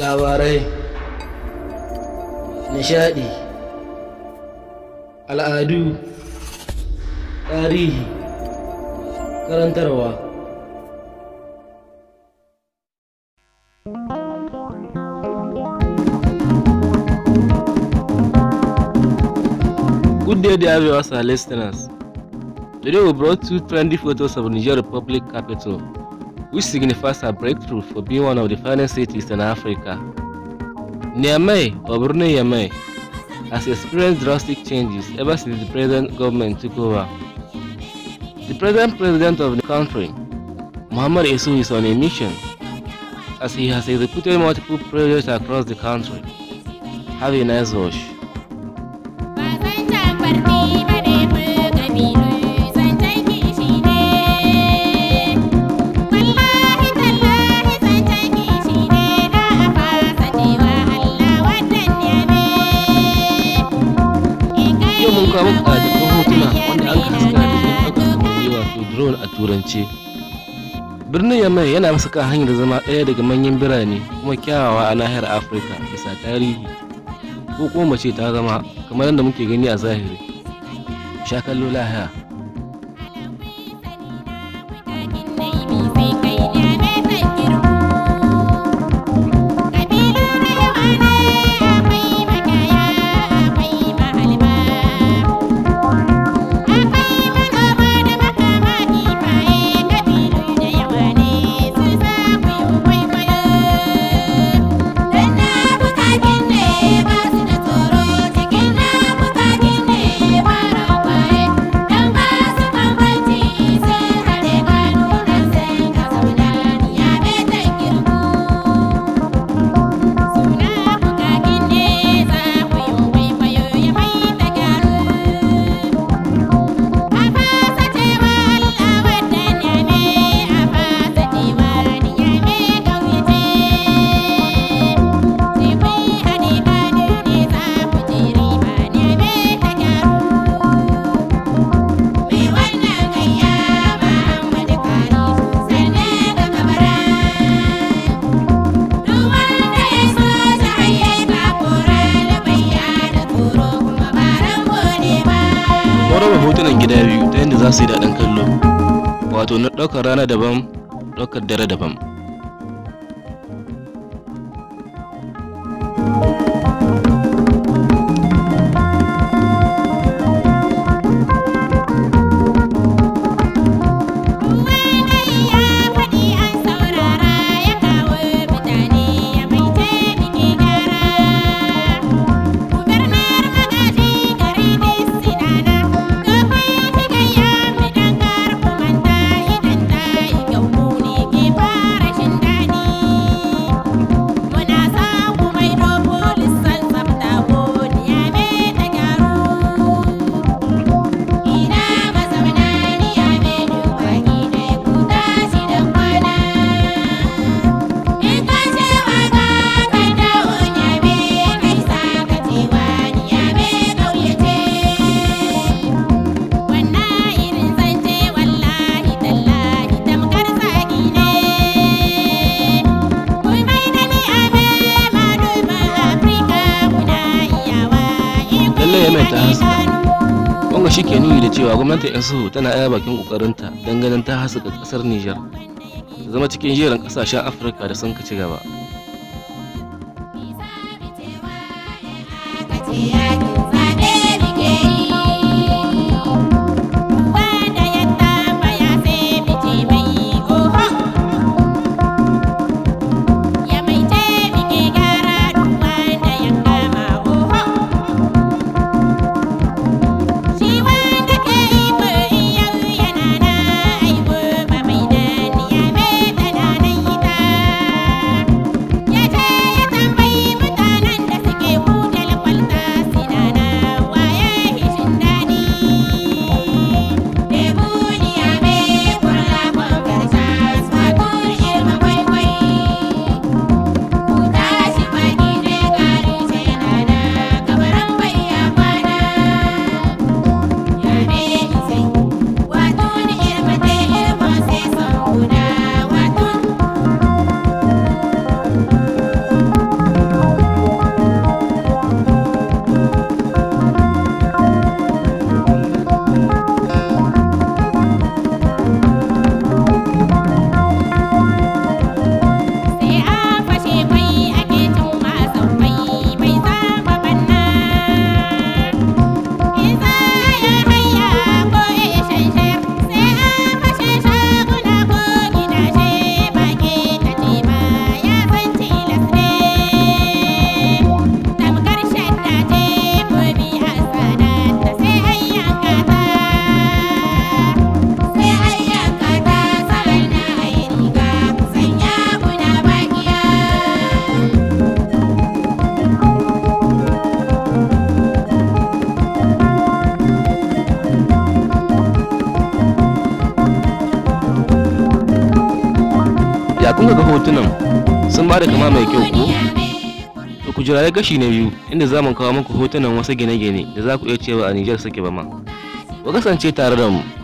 labarai nishadi al'adu tarihi karantarwa day dear viewers and listeners. Today we brought two trendy photos of Niger Republic capital, which signifies a breakthrough for being one of the finest cities in Africa. Niamey, or Brunei Niamey, has experienced drastic changes ever since the present government took over. The present president of the country, Mohamed Isu, is on a mission, as he has executed multiple projects across the country. Have a nice watch. kawo ƙadaddun hotuna wanda an haska da sun ɗaukar kamfani wato drone a turance birnin yamai yana masa kan hanyar zama ɗaya daga manyan birane kuma kyawawa a nahiyar afirka bisa tarihi ko kuma mace ta zama kamar yadda muke gani a zahiri sha kallo lahiya za su yi daɗin kallo wato na ɗaukar rana daban ɗaukar dare daban ya maimaita hasu wanga shi ke nuni da cewa gwamnatin yasu tana aya bakin kokarinta don ganin ta ga kasar niger ta zama cikin jerin kasashen afirka da sun ci gaba kun ga hotunan sun ba da kama mai kyau ko to ku jira gashi na biyu inda za mu kawo muku hotunan wasu gine-gine da za ku iya cewa a Niger suke ba ma ku kasance tare da mu